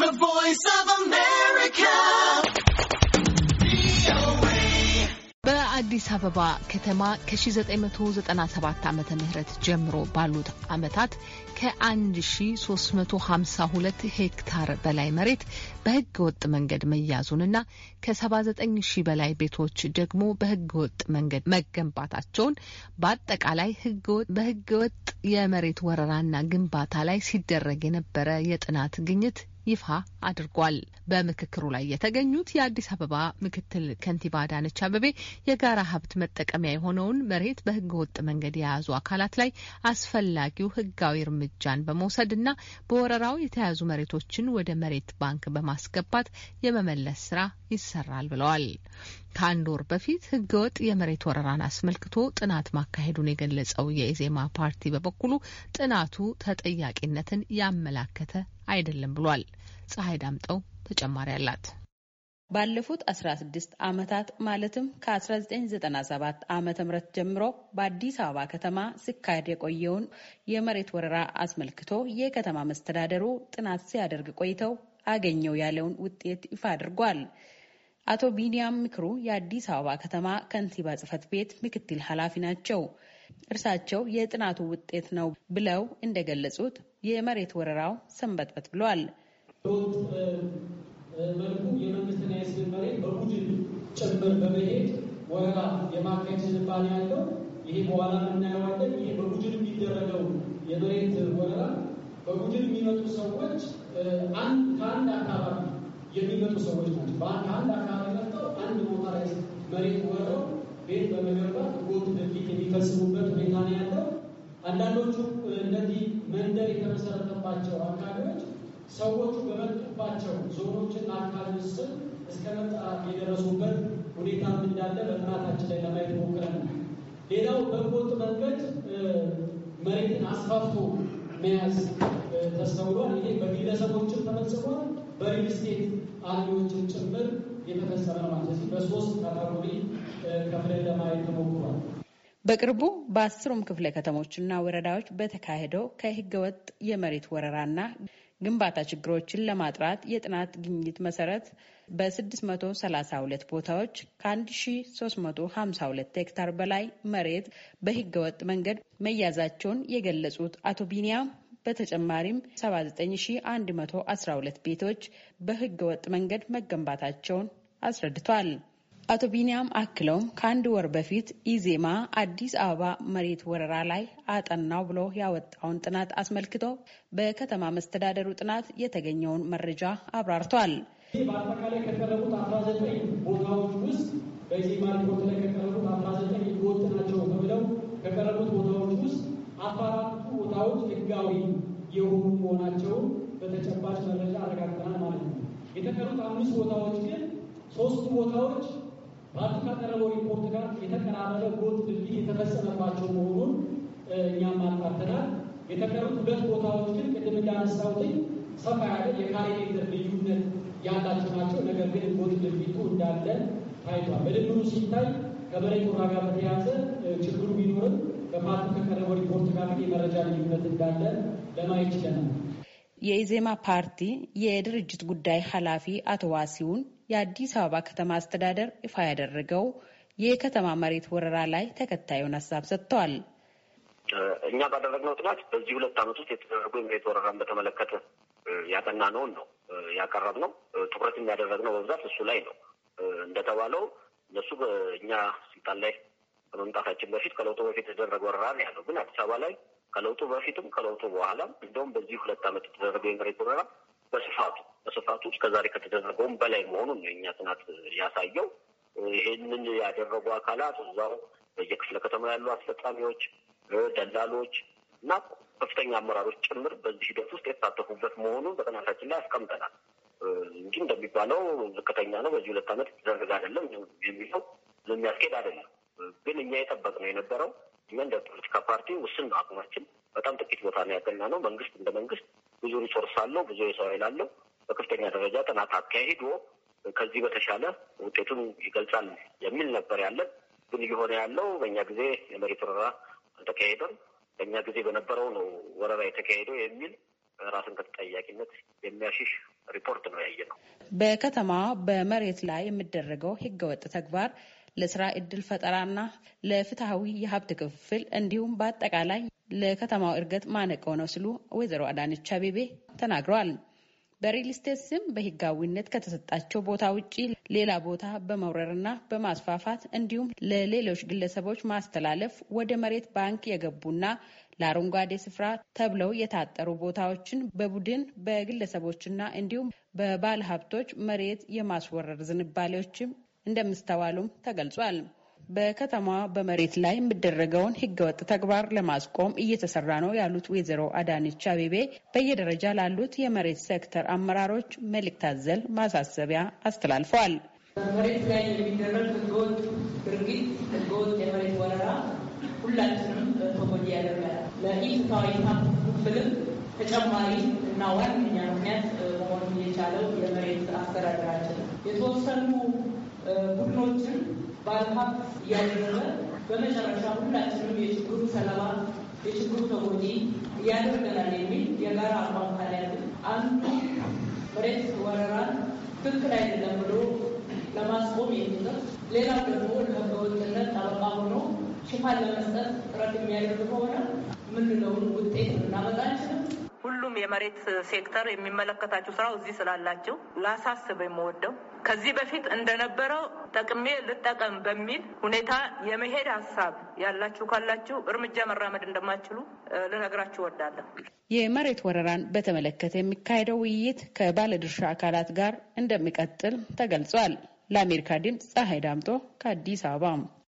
The Voice of America. በአዲስ አበባ ከተማ ከ1997 ዓ ም ጀምሮ ባሉት ዓመታት ከ1352 ሄክታር በላይ መሬት በህገ ወጥ መንገድ መያዙንና ከ79000 በላይ ቤቶች ደግሞ በህገ ወጥ መንገድ መገንባታቸውን በአጠቃላይ በህገ ወጥ የመሬት ወረራና ግንባታ ላይ ሲደረግ የነበረ የጥናት ግኝት ይፋ አድርጓል። በምክክሩ ላይ የተገኙት የአዲስ አበባ ምክትል ከንቲባ አዳነች አበቤ የጋራ ሀብት መጠቀሚያ የሆነውን መሬት በህገ ወጥ መንገድ የያዙ አካላት ላይ አስፈላጊው ህጋዊ እርምጃን በመውሰድ እና በወረራው የተያዙ መሬቶችን ወደ መሬት ባንክ በማስገባት የመመለስ ስራ ይሰራል ብለዋል። ከአንድ ወር በፊት ህገ ወጥ የመሬት ወረራን አስመልክቶ ጥናት ማካሄዱን የገለጸው የኢዜማ ፓርቲ በበኩሉ ጥናቱ ተጠያቂነትን ያመላከተ አይደለም ብሏል። ፀሐይ ዳምጠው ተጨማሪ አላት። ባለፉት 16 ዓመታት ማለትም ከ1997 ዓ ም ጀምሮ በአዲስ አበባ ከተማ ሲካሄድ የቆየውን የመሬት ወረራ አስመልክቶ የከተማ መስተዳደሩ ጥናት ሲያደርግ ቆይተው አገኘው ያለውን ውጤት ይፋ አድርጓል። አቶ ቢኒያም ምክሩ የአዲስ አበባ ከተማ ከንቲባ ጽህፈት ቤት ምክትል ኃላፊ ናቸው። እርሳቸው የጥናቱ ውጤት ነው ብለው እንደገለጹት የመሬት ወረራው ሰንበትበት ብሏል። በወጥ መልኩ የመንግስትና የሕዝብን መሬት በቡድን ጭምር በመሄድ ወረራ የማካሄድ ዝንባሌ ያለው ይሄ በኋላ የምናየዋለን። ይሄ በቡድን የሚደረገው የመሬት ወረራ በቡድን የሚመጡ ሰዎች ከአንድ አካባቢ የሚመጡ ሰዎች ናቸው። ከአንድ አካባቢ መጥተው አንድ ቦታ ላይ መሬት ወረው ቤት በመገንባት ጎት ድርጊት የሚፈጽሙበት ሁኔታ ነው ያለው። አንዳንዶቹ እነዚህ መንደር የተመሰረተባቸው አካባቢ ሰዎቹ በመጡባቸው ዞኖችና አካባቢዎች ስም እስከ መጠራት የደረሱበት ሁኔታ እንዳለ በጥናታችን ላይ ለማየት ሞክረናል። ሌላው በህገወጥ መንገድ መሬትን አስፋፍቶ መያዝ ተስተውሏል። ይሄ በግለሰቦችም ተፈጽሟል፣ በሪል ስቴት አልሚዎችም ጭምር የተፈጸመ ነው ማለት ስለዚህ በሶስት ካታጎሪ ከፍለን ለማየት ተሞክሯል። በቅርቡ በአስሩም ክፍለ ከተሞችና ወረዳዎች በተካሄደው ከህገወጥ የመሬት ወረራና ግንባታ ችግሮችን ለማጥራት የጥናት ግኝት መሰረት በ632 ቦታዎች ከ1352 ሄክታር በላይ መሬት በህገወጥ መንገድ መያዛቸውን የገለጹት አቶ ቢኒያም በተጨማሪም 79112 ቤቶች በህገወጥ መንገድ መገንባታቸውን አስረድቷል። አቶ ቢኒያም አክለውም ከአንድ ወር በፊት ኢዜማ አዲስ አበባ መሬት ወረራ ላይ አጠናው ብሎ ያወጣውን ጥናት አስመልክቶ በከተማ መስተዳደሩ ጥናት የተገኘውን መረጃ አብራርቷል። ። በአጠቃላይ ከቀረቡት አስራ ዘጠኝ ቦታዎች ውስጥ በኢዜማ ሪፖርት ላይ ከቀረቡት አስራ ዘጠኝ ህገወጥ ናቸው ተብለው ከቀረቡት ቦታዎች ውስጥ አስራ አራቱ ቦታዎች ህጋዊ የሆኑ መሆናቸውን በተጨባጭ መረጃ አረጋግጠናል ማለት ነው። የተቀሩት አምስት ቦታዎች ግን ሶስቱ ቦታዎች ባቱ ከቀረበው ሪፖርት ጋር የተቀራረበ ጎጥ የተፈጸመባቸው መሆኑን እኛም አጣርተናል። የተቀሩት ሁለት ቦታዎች ግን ቅድም ሰፋ ያለ የካሬ ሜትር ልዩነት ያላቸው ናቸው። ነገር ግን ጎጥ እንዳለ ታይቷል። በድምሩ ሲታይ ከመሬት ወራ ጋር በተያያዘ ችግሩ ቢኖርም ከቀረበው ሪፖርት ጋር ግን የመረጃ ልዩነት እንዳለ ለማየት ችለናል። የኢዜማ ፓርቲ የድርጅት ጉዳይ ኃላፊ አቶ ዋሲውን የአዲስ አበባ ከተማ አስተዳደር ይፋ ያደረገው የከተማ መሬት ወረራ ላይ ተከታዩን ሀሳብ ሰጥተዋል። እኛ ባደረግነው ጥናት በዚህ ሁለት ዓመት ውስጥ የተደረጉ የመሬት ወረራን በተመለከተ ያጠናነውን ነው ያቀረብነው። ትኩረት የሚያደረግነው በብዛት እሱ ላይ ነው። እንደተባለው እነሱ በእኛ ስልጣን ላይ ከመምጣታችን በፊት ከለውጡ በፊት የተደረገ ወረራ ነው ያለው። ግን አዲስ አበባ ላይ ከለውጡ በፊትም ከለውጡ በኋላም እንደውም በዚህ ሁለት ዓመት የተደረገ የመሬት ወረራ በስፋቱ በስፋቱ እስከዛሬ ከተደረገውም በላይ መሆኑን የእኛ ጥናት ያሳየው። ይህንን ያደረጉ አካላት እዛው በየክፍለ ከተማ ያሉ አስፈጻሚዎች፣ ደላሎች እና ከፍተኛ አመራሮች ጭምር በዚህ ሂደት ውስጥ የተሳተፉበት መሆኑን በጥናታችን ላይ አስቀምጠናል እንጂ እንደሚባለው ዝቅተኛ ነው፣ በዚህ ሁለት ዓመት የተደረገ አይደለም የሚለው የሚያስኬድ አይደለም። ግን እኛ የጠበቅነው የነበረው እኛ እንደ ፖለቲካ ፓርቲ ውስን አቅማችን በጣም ጥቂት ቦታ ነው ያገና ነው መንግስት እንደ መንግስት ብዙ ሪሶርስ አለው፣ ብዙ የሰው ኃይል አለው። በከፍተኛ ደረጃ ጥናት አካሄዶ ከዚህ በተሻለ ውጤቱን ይገልጻል የሚል ነበር ያለን። ግን እየሆነ ያለው በእኛ ጊዜ የመሬት ወረራ አልተካሄደም፣ በእኛ ጊዜ በነበረው ነው ወረራ የተካሄደው የሚል ራስን ከተጠያቂነት የሚያሽሽ ሪፖርት ነው ያየ ነው። በከተማ በመሬት ላይ የሚደረገው ህገወጥ ተግባር ለስራ እድል ፈጠራና ለፍትሐዊ የሀብት ክፍፍል እንዲሁም በአጠቃላይ ለከተማው እድገት ማነቆ ነው ሲሉ ወይዘሮ አዳነች አቤቤ ተናግረዋል። በሪል ስቴት ስም በህጋዊነት ከተሰጣቸው ቦታ ውጪ ሌላ ቦታ በመውረርና በማስፋፋት እንዲሁም ለሌሎች ግለሰቦች ማስተላለፍ ወደ መሬት ባንክ የገቡና ለአረንጓዴ ስፍራ ተብለው የታጠሩ ቦታዎችን በቡድን በግለሰቦችና እንዲሁም በባለሀብቶች መሬት የማስወረር ዝንባሌዎችም እንደሚስተዋሉም ተገልጿል። በከተማዋ በመሬት ላይ የሚደረገውን ህገወጥ ተግባር ለማስቆም እየተሰራ ነው ያሉት ወይዘሮ አዳነች አቤቤ በየደረጃ ላሉት የመሬት ሴክተር አመራሮች መልእክት አዘል ማሳሰቢያ አስተላልፈዋል። መሬት ላይ የሚደረግ ህገወጥ ድርጊት፣ ህገወጥ የመሬት ወረራ ሁላችንም ተጎጂ ያደርጋል። ለኢፍትሐዊ ብልም ተጨማሪ እና ዋነኛ ምክንያት መሆኑ የቻለው የመሬት ባለሀብት እያደረገ በመጨረሻ ሁላችንም የችግሩ ሰለባ የችግሩ ተጎጂ እያደርገናል የሚል የጋራ አቋም ካለያለ አንዱ መሬት ወረራን ትክክል አይደለም ብሎ ለማስቆም የሚጠቅስ ሌላው ደግሞ ለህገወጥነት ጠበቃ ሆኖ ሽፋን ለመስጠት ጥረት የሚያደርግ ከሆነ ምንለውን ውጤት ልናመጣ አንችልም። የመሬት ሴክተር የሚመለከታችሁ ስራው እዚህ ስላላችሁ ላሳስብ የምወደው ከዚህ በፊት እንደነበረው ጠቅሜ ልጠቀም በሚል ሁኔታ የመሄድ ሀሳብ ያላችሁ ካላችሁ እርምጃ መራመድ እንደማችሉ ልነግራችሁ እወዳለሁ። የመሬት ወረራን በተመለከተ የሚካሄደው ውይይት ከባለድርሻ አካላት ጋር እንደሚቀጥል ተገልጿል። ለአሜሪካ ድምፅ ፀሐይ ዳምጦ ከአዲስ አበባ